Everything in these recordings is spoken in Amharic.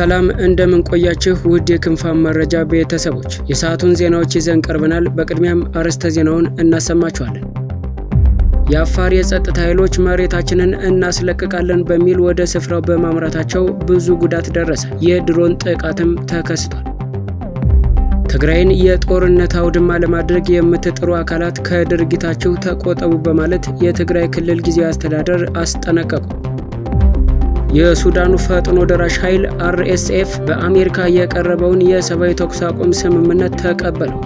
ሰላም እንደምን ቆያችሁ ውድ የክንፋን መረጃ ቤተሰቦች፣ የሰዓቱን ዜናዎች ይዘን ቀርበናል። በቅድሚያም አርዕስተ ዜናውን እናሰማችኋለን። የአፋር የጸጥታ ኃይሎች መሬታችንን እናስለቅቃለን በሚል ወደ ስፍራው በማምራታቸው ብዙ ጉዳት ደረሰ። የድሮን ጥቃትም ተከስቷል። ትግራይን የጦርነት አውድማ ለማድረግ የምትጥሩ አካላት ከድርጊታችሁ ተቆጠቡ በማለት የትግራይ ክልል ጊዜያዊ አስተዳደር አስጠነቀቁ። የሱዳኑ ፈጥኖ ደራሽ ኃይል አርኤስኤፍ በአሜሪካ የቀረበውን የሰብአዊ ተኩስ አቁም ስምምነት ተቀበለው።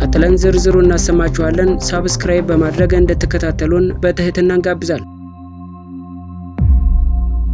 ቀጥለን ዝርዝሩ እናሰማችኋለን። ሳብስክራይብ በማድረግ እንድትከታተሉን በትህትና እንጋብዛል።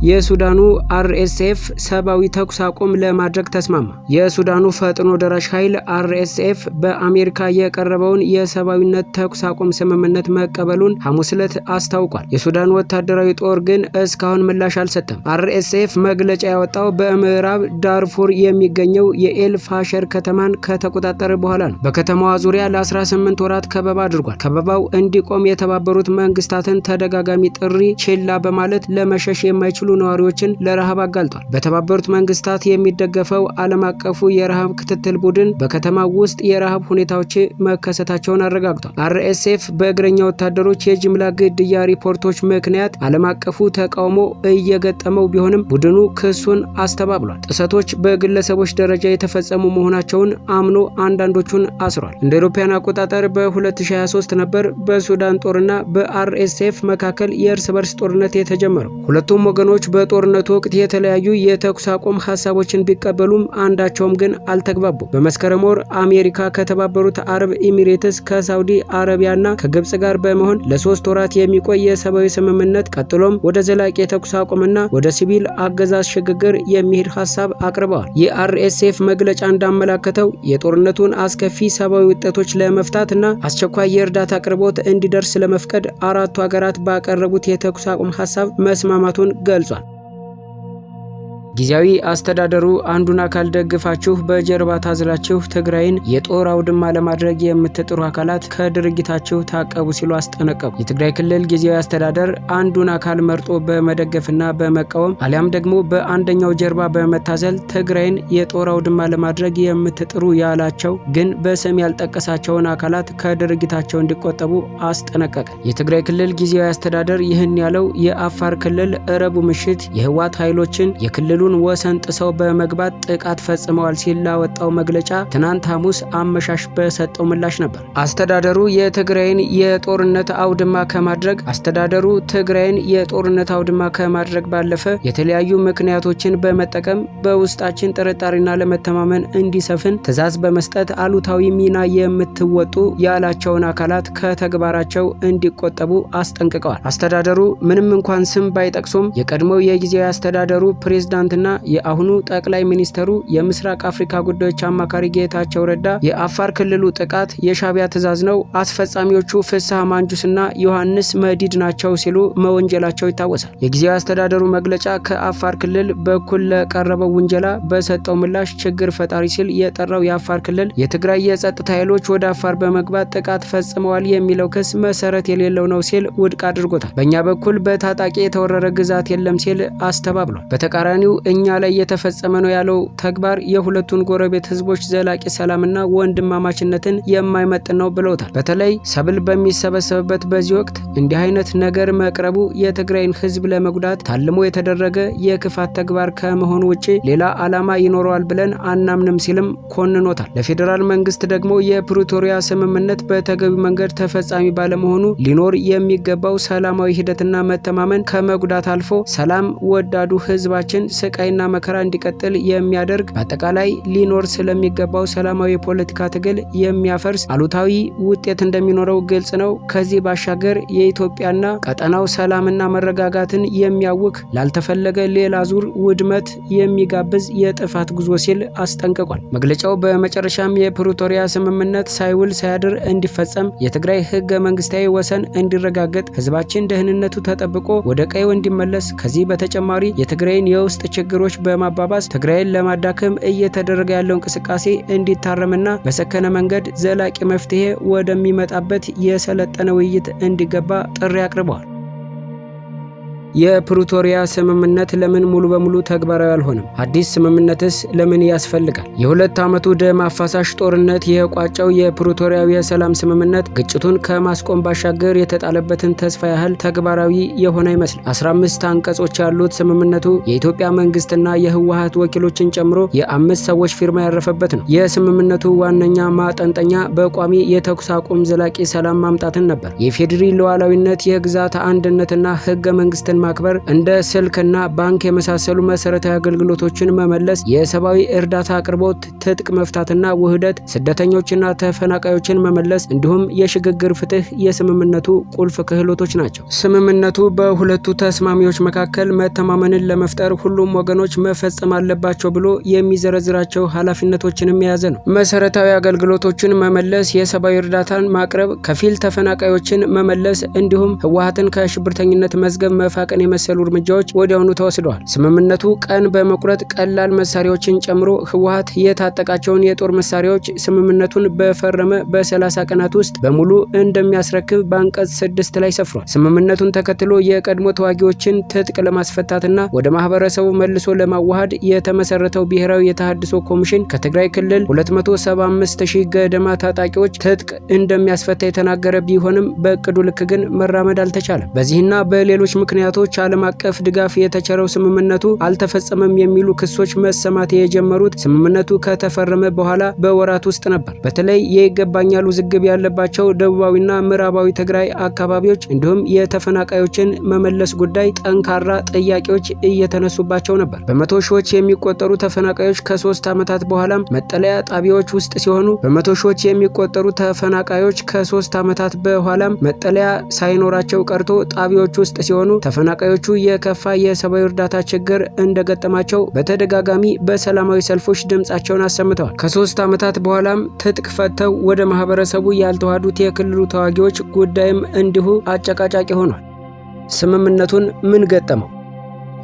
የሱዳኑ አርኤስኤፍ ሰብአዊ ተኩስ አቁም ለማድረግ ተስማማ። የሱዳኑ ፈጥኖ ደራሽ ኃይል አርኤስኤፍ በአሜሪካ የቀረበውን የሰብአዊነት ተኩስ አቁም ስምምነት መቀበሉን ሐሙስ ዕለት አስታውቋል። የሱዳን ወታደራዊ ጦር ግን እስካሁን ምላሽ አልሰጠም። አርኤስኤፍ መግለጫ ያወጣው በምዕራብ ዳርፉር የሚገኘው የኤልፋሸር ከተማን ከተቆጣጠረ በኋላ ነው። በከተማዋ ዙሪያ ለ18 ወራት ከበባ አድርጓል። ከበባው እንዲቆም የተባበሩት መንግስታትን ተደጋጋሚ ጥሪ ችላ በማለት ለመሸሽ የማይችሉ ነዋሪዎችን ለረሃብ አጋልጧል። በተባበሩት መንግስታት የሚደገፈው ዓለም አቀፉ የረሃብ ክትትል ቡድን በከተማ ውስጥ የረሃብ ሁኔታዎች መከሰታቸውን አረጋግጧል። አርኤስኤፍ በእግረኛ ወታደሮች የጅምላ ግድያ ሪፖርቶች ምክንያት ዓለም አቀፉ ተቃውሞ እየገጠመው ቢሆንም ቡድኑ ክሱን አስተባብሏል። ጥሰቶች በግለሰቦች ደረጃ የተፈጸሙ መሆናቸውን አምኖ አንዳንዶቹን አስሯል። እንደ ኢሮፓያን አቆጣጠር በ2023 ነበር በሱዳን ጦርና በአርኤስኤፍ መካከል የእርስ በርስ ጦርነት የተጀመረው። ሁለቱም ወገኖች ሀገሮች በጦርነቱ ወቅት የተለያዩ የተኩስ አቁም ሀሳቦችን ቢቀበሉም አንዳቸውም ግን አልተግባቡ። በመስከረም ወር አሜሪካ ከተባበሩት አረብ ኤሚሬትስ ከሳውዲ አረቢያና ከግብጽ ጋር በመሆን ለሶስት ወራት የሚቆይ የሰብአዊ ስምምነት ቀጥሎም ወደ ዘላቂ የተኩስ አቁምና ወደ ሲቪል አገዛዝ ሽግግር የሚሄድ ሀሳብ አቅርበዋል። የአርኤስኤፍ መግለጫ እንዳመላከተው የጦርነቱን አስከፊ ሰብአዊ ውጤቶች ለመፍታትና አስቸኳይ የእርዳታ አቅርቦት እንዲደርስ ለመፍቀድ አራቱ ሀገራት ባቀረቡት የተኩስ አቁም ሀሳብ መስማማቱን ገልጿል። ጊዜያዊ አስተዳደሩ አንዱን አካል ደግፋችሁ በጀርባ ታዝላችሁ ትግራይን የጦር አውድማ ለማድረግ የምትጥሩ አካላት ከድርጊታችሁ ታቀቡ ሲሉ አስጠነቀቁ። የትግራይ ክልል ጊዜያዊ አስተዳደር አንዱን አካል መርጦ በመደገፍና በመቃወም አሊያም ደግሞ በአንደኛው ጀርባ በመታዘል ትግራይን የጦር አውድማ ለማድረግ የምትጥሩ ያላቸው ግን በስም ያልጠቀሳቸውን አካላት ከድርጊታቸው እንዲቆጠቡ አስጠነቀቀ። የትግራይ ክልል ጊዜያዊ አስተዳደር ይህን ያለው የአፋር ክልል ረቡዕ ምሽት የህወሓት ኃይሎችን የክልሉ የክልሉን ወሰን ጥሰው በመግባት ጥቃት ፈጽመዋል ሲል ላወጣው መግለጫ ትናንት ሐሙስ አመሻሽ በሰጠው ምላሽ ነበር። አስተዳደሩ የትግራይን የጦርነት አውድማ ከማድረግ አስተዳደሩ ትግራይን የጦርነት አውድማ ከማድረግ ባለፈ የተለያዩ ምክንያቶችን በመጠቀም በውስጣችን ጥርጣሬና ለመተማመን እንዲሰፍን ትዕዛዝ በመስጠት አሉታዊ ሚና የምትወጡ ያላቸውን አካላት ከተግባራቸው እንዲቆጠቡ አስጠንቅቀዋል። አስተዳደሩ ምንም እንኳን ስም ባይጠቅሱም የቀድሞው የጊዜያዊ አስተዳደሩ ፕሬዝዳንት ትናንትና የአሁኑ ጠቅላይ ሚኒስተሩ የምስራቅ አፍሪካ ጉዳዮች አማካሪ ጌታቸው ረዳ የአፋር ክልሉ ጥቃት የሻቢያ ትዕዛዝ ነው፣ አስፈጻሚዎቹ ፍስሐ ማንጁስና ዮሐንስ መዲድ ናቸው ሲሉ መወንጀላቸው ይታወሳል። የጊዜያዊ አስተዳደሩ መግለጫ ከአፋር ክልል በኩል ለቀረበው ውንጀላ በሰጠው ምላሽ ችግር ፈጣሪ ሲል የጠራው የአፋር ክልል የትግራይ የጸጥታ ኃይሎች ወደ አፋር በመግባት ጥቃት ፈጽመዋል የሚለው ክስ መሰረት የሌለው ነው ሲል ውድቅ አድርጎታል። በእኛ በኩል በታጣቂ የተወረረ ግዛት የለም ሲል አስተባብሏል። በተቃራኒው እኛ ላይ የተፈጸመ ነው ያለው ተግባር የሁለቱን ጎረቤት ህዝቦች ዘላቂ ሰላምና ወንድማማችነትን የማይመጥን ነው ብለውታል። በተለይ ሰብል በሚሰበሰብበት በዚህ ወቅት እንዲህ አይነት ነገር መቅረቡ የትግራይን ህዝብ ለመጉዳት ታልሞ የተደረገ የክፋት ተግባር ከመሆኑ ውጭ ሌላ ዓላማ ይኖረዋል ብለን አናምንም ሲልም ኮንኖታል። ለፌዴራል መንግስት ደግሞ የፕሪቶሪያ ስምምነት በተገቢ መንገድ ተፈጻሚ ባለመሆኑ ሊኖር የሚገባው ሰላማዊ ሂደትና መተማመን ከመጉዳት አልፎ ሰላም ወዳዱ ህዝባችን ስቃይና መከራ እንዲቀጥል የሚያደርግ በአጠቃላይ ሊኖር ስለሚገባው ሰላማዊ የፖለቲካ ትግል የሚያፈርስ አሉታዊ ውጤት እንደሚኖረው ግልጽ ነው። ከዚህ ባሻገር የኢትዮጵያና ቀጠናው ሰላምና መረጋጋትን የሚያውክ ላልተፈለገ ሌላ ዙር ውድመት የሚጋብዝ የጥፋት ጉዞ ሲል አስጠንቅቋል። መግለጫው በመጨረሻም የፕሪቶሪያ ስምምነት ሳይውል ሳያድር እንዲፈጸም፣ የትግራይ ህገ መንግስታዊ ወሰን እንዲረጋገጥ፣ ህዝባችን ደህንነቱ ተጠብቆ ወደ ቀይው እንዲመለስ ከዚህ በተጨማሪ የትግራይን የውስጥ ችግሮች በማባባስ ትግራይን ለማዳከም እየተደረገ ያለው እንቅስቃሴ እንዲታረምና በሰከነ መንገድ ዘላቂ መፍትሄ ወደሚመጣበት የሰለጠነ ውይይት እንዲገባ ጥሪ አቅርበዋል። የፕሪቶሪያ ስምምነት ለምን ሙሉ በሙሉ ተግባራዊ አልሆነም? አዲስ ስምምነትስ ለምን ያስፈልጋል? የሁለት ዓመቱ ደም አፋሳሽ ጦርነት የቋጨው የፕሪቶሪያው የሰላም ስምምነት ግጭቱን ከማስቆም ባሻገር የተጣለበትን ተስፋ ያህል ተግባራዊ የሆነ ይመስላል። 15 አንቀጾች ያሉት ስምምነቱ የኢትዮጵያ መንግስትና የህወሀት ወኪሎችን ጨምሮ የአምስት ሰዎች ፊርማ ያረፈበት ነው። የስምምነቱ ዋነኛ ማጠንጠኛ በቋሚ የተኩስ አቁም ዘላቂ ሰላም ማምጣትን ነበር። የፌዴሪ ሉዓላዊነት፣ የግዛት አንድነትና ህገ መንግስትን ማክበር እንደ ስልክና ባንክ የመሳሰሉ መሰረታዊ አገልግሎቶችን መመለስ፣ የሰብአዊ እርዳታ አቅርቦት፣ ትጥቅ መፍታትና ውህደት፣ ስደተኞችና ተፈናቃዮችን መመለስ እንዲሁም የሽግግር ፍትህ የስምምነቱ ቁልፍ ክህሎቶች ናቸው። ስምምነቱ በሁለቱ ተስማሚዎች መካከል መተማመንን ለመፍጠር ሁሉም ወገኖች መፈጸም አለባቸው ብሎ የሚዘረዝራቸው ኃላፊነቶችንም የያዘ ነው። መሰረታዊ አገልግሎቶችን መመለስ፣ የሰብአዊ እርዳታን ማቅረብ፣ ከፊል ተፈናቃዮችን መመለስ እንዲሁም ህወሀትን ከሽብርተኝነት መዝገብ መፋቀ ማቀን የመሰሉ እርምጃዎች ወዲያውኑ ተወስደዋል። ስምምነቱ ቀን በመቁረጥ ቀላል መሳሪያዎችን ጨምሮ ህወሀት የታጠቃቸውን የጦር መሳሪያዎች ስምምነቱን በፈረመ በ30 ቀናት ውስጥ በሙሉ እንደሚያስረክብ በአንቀጽ ስድስት ላይ ሰፍሯል። ስምምነቱን ተከትሎ የቀድሞ ተዋጊዎችን ትጥቅ ለማስፈታትና ወደ ማህበረሰቡ መልሶ ለማዋሃድ የተመሰረተው ብሔራዊ የተሃድሶ ኮሚሽን ከትግራይ ክልል 275 ሺህ ገደማ ታጣቂዎች ትጥቅ እንደሚያስፈታ የተናገረ ቢሆንም በእቅዱ ልክ ግን መራመድ አልተቻለም። በዚህና በሌሎች ምክንያቶች ድርጅቶች ዓለም አቀፍ ድጋፍ የተቸረው ስምምነቱ አልተፈጸመም የሚሉ ክሶች መሰማት የጀመሩት ስምምነቱ ከተፈረመ በኋላ በወራት ውስጥ ነበር። በተለይ የይገባኛል ውዝግብ ያለባቸው ደቡባዊና ምዕራባዊ ትግራይ አካባቢዎች እንዲሁም የተፈናቃዮችን መመለስ ጉዳይ ጠንካራ ጥያቄዎች እየተነሱባቸው ነበር። በመቶ ሺዎች የሚቆጠሩ ተፈናቃዮች ከሶስት ዓመታት በኋላም መጠለያ ጣቢያዎች ውስጥ ሲሆኑ በመቶ ሺዎች የሚቆጠሩ ተፈናቃዮች ከሶስት ዓመታት በኋላም መጠለያ ሳይኖራቸው ቀርቶ ጣቢያዎች ውስጥ ሲሆኑ ተፈናቃዮቹ የከፋ የሰብአዊ እርዳታ ችግር እንደገጠማቸው በተደጋጋሚ በሰላማዊ ሰልፎች ድምፃቸውን አሰምተዋል። ከሶስት ዓመታት በኋላም ትጥቅ ፈተው ወደ ማህበረሰቡ ያልተዋሃዱት የክልሉ ተዋጊዎች ጉዳይም እንዲሁ አጨቃጫቂ ሆኗል። ስምምነቱን ምን ገጠመው?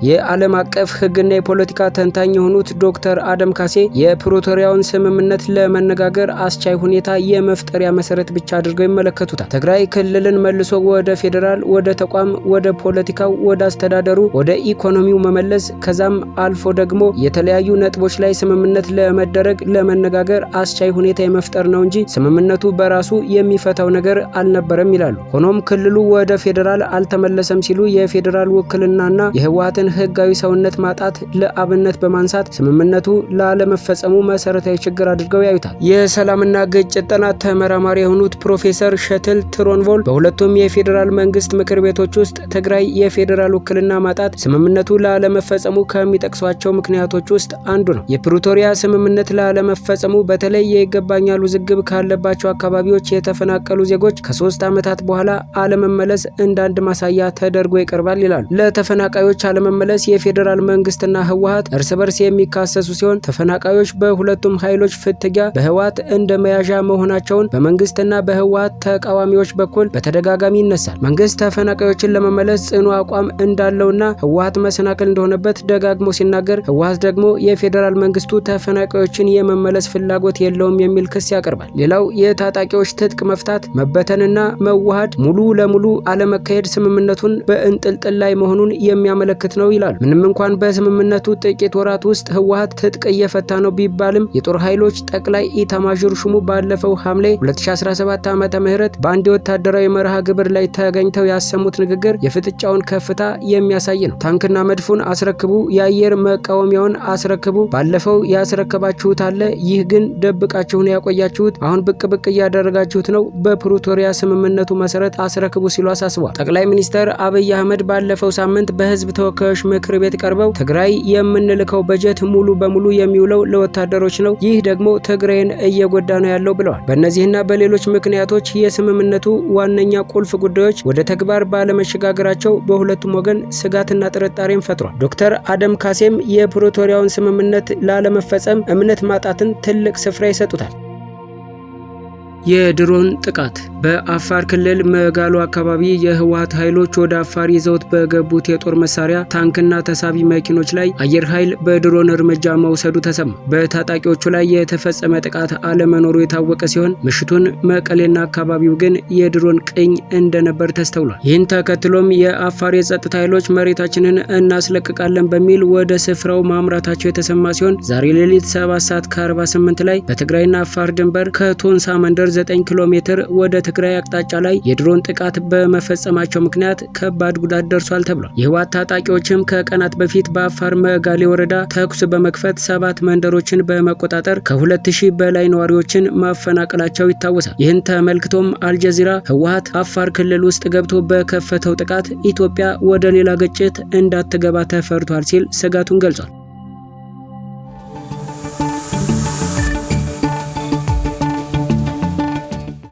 የዓለም አቀፍ ሕግና የፖለቲካ ተንታኝ የሆኑት ዶክተር አደም ካሴ የፕሮቶሪያውን ስምምነት ለመነጋገር አስቻይ ሁኔታ የመፍጠሪያ መሰረት ብቻ አድርገው ይመለከቱታል። ትግራይ ክልልን መልሶ ወደ ፌዴራል፣ ወደ ተቋም፣ ወደ ፖለቲካው፣ ወደ አስተዳደሩ፣ ወደ ኢኮኖሚው መመለስ ከዛም አልፎ ደግሞ የተለያዩ ነጥቦች ላይ ስምምነት ለመደረግ ለመነጋገር አስቻይ ሁኔታ የመፍጠር ነው እንጂ ስምምነቱ በራሱ የሚፈታው ነገር አልነበረም ይላሉ። ሆኖም ክልሉ ወደ ፌዴራል አልተመለሰም ሲሉ የፌዴራል ውክልናና የህወሀትን የኢራንን ህጋዊ ሰውነት ማጣት ለአብነት በማንሳት ስምምነቱ ላለመፈጸሙ መሰረታዊ ችግር አድርገው ያዩታል። የሰላምና ግጭት ጥናት ተመራማሪ የሆኑት ፕሮፌሰር ሸትል ትሮንቮል በሁለቱም የፌዴራል መንግስት ምክር ቤቶች ውስጥ ትግራይ የፌዴራል ውክልና ማጣት ስምምነቱ ላለመፈጸሙ ከሚጠቅሷቸው ምክንያቶች ውስጥ አንዱ ነው። የፕሪቶሪያ ስምምነት ላለመፈጸሙ በተለይ የይገባኛል ውዝግብ ካለባቸው አካባቢዎች የተፈናቀሉ ዜጎች ከሶስት ዓመታት በኋላ አለመመለስ እንደ አንድ ማሳያ ተደርጎ ይቀርባል ይላሉ። ለተፈናቃዮች አለመመ ለመመለስ የፌዴራል መንግስትና ህወሀት እርስ በርስ የሚካሰሱ ሲሆን ተፈናቃዮች በሁለቱም ኃይሎች ፍትጊያ በህወሀት እንደ መያዣ መሆናቸውን በመንግስትና በህወሀት ተቃዋሚዎች በኩል በተደጋጋሚ ይነሳል። መንግስት ተፈናቃዮችን ለመመለስ ጽኑ አቋም እንዳለውና ህወሀት መሰናክል እንደሆነበት ደጋግሞ ሲናገር፣ ህወሀት ደግሞ የፌዴራል መንግስቱ ተፈናቃዮችን የመመለስ ፍላጎት የለውም የሚል ክስ ያቀርባል። ሌላው የታጣቂዎች ትጥቅ መፍታት መበተንና መዋሃድ ሙሉ ለሙሉ አለመካሄድ ስምምነቱን በእንጥልጥል ላይ መሆኑን የሚያመለክት ነው ነው ይላል። ምንም እንኳን በስምምነቱ ጥቂት ወራት ውስጥ ህወሀት ትጥቅ እየፈታ ነው ቢባልም የጦር ኃይሎች ጠቅላይ ኢታማዦር ሹሙ ባለፈው ሐምሌ 2017 ዓ ም በአንድ ወታደራዊ መርሃ ግብር ላይ ተገኝተው ያሰሙት ንግግር የፍጥጫውን ከፍታ የሚያሳይ ነው። ታንክና መድፉን አስረክቡ፣ የአየር መቃወሚያውን አስረክቡ፣ ባለፈው ያስረከባችሁት አለ፣ ይህ ግን ደብቃችሁን ያቆያችሁት አሁን ብቅ ብቅ እያደረጋችሁት ነው፣ በፕሪቶሪያ ስምምነቱ መሰረት አስረክቡ ሲሉ አሳስቧል። ጠቅላይ ሚኒስትር አብይ አህመድ ባለፈው ሳምንት በህዝብ ተወካዮች ተወካዮች ምክር ቤት ቀርበው ትግራይ የምንልከው በጀት ሙሉ በሙሉ የሚውለው ለወታደሮች ነው፣ ይህ ደግሞ ትግራይን እየጎዳ ነው ያለው ብለዋል። በእነዚህና በሌሎች ምክንያቶች የስምምነቱ ዋነኛ ቁልፍ ጉዳዮች ወደ ተግባር ባለመሸጋገራቸው በሁለቱም ወገን ስጋትና ጥርጣሬን ፈጥሯል። ዶክተር አደም ካሴም የፕሪቶሪያውን ስምምነት ላለመፈጸም እምነት ማጣትን ትልቅ ስፍራ ይሰጡታል። የድሮን ጥቃት በአፋር ክልል መጋሎ አካባቢ የህወሀት ኃይሎች ወደ አፋር ይዘውት በገቡት የጦር መሳሪያ ታንክና ተሳቢ መኪኖች ላይ አየር ኃይል በድሮን እርምጃ መውሰዱ ተሰማ። በታጣቂዎቹ ላይ የተፈጸመ ጥቃት አለመኖሩ የታወቀ ሲሆን ምሽቱን መቀሌና አካባቢው ግን የድሮን ቅኝ እንደነበር ተስተውሏል። ይህን ተከትሎም የአፋር የጸጥታ ኃይሎች መሬታችንን እናስለቅቃለን በሚል ወደ ስፍራው ማምራታቸው የተሰማ ሲሆን ዛሬ ሌሊት 7 ሰዓት ከ48 ላይ በትግራይና አፋር ድንበር ከቶንሳ መንደር 9 ኪሎ ሜትር ወደ ትግራይ አቅጣጫ ላይ የድሮን ጥቃት በመፈጸማቸው ምክንያት ከባድ ጉዳት ደርሷል ተብሏል። የህወሓት ታጣቂዎችም ከቀናት በፊት በአፋር መጋሌ ወረዳ ተኩስ በመክፈት ሰባት መንደሮችን በመቆጣጠር ከ2000 በላይ ነዋሪዎችን ማፈናቀላቸው ይታወሳል። ይህን ተመልክቶም አልጀዚራ ህወሓት አፋር ክልል ውስጥ ገብቶ በከፈተው ጥቃት ኢትዮጵያ ወደ ሌላ ግጭት እንዳትገባ ተፈርቷል ሲል ስጋቱን ገልጿል።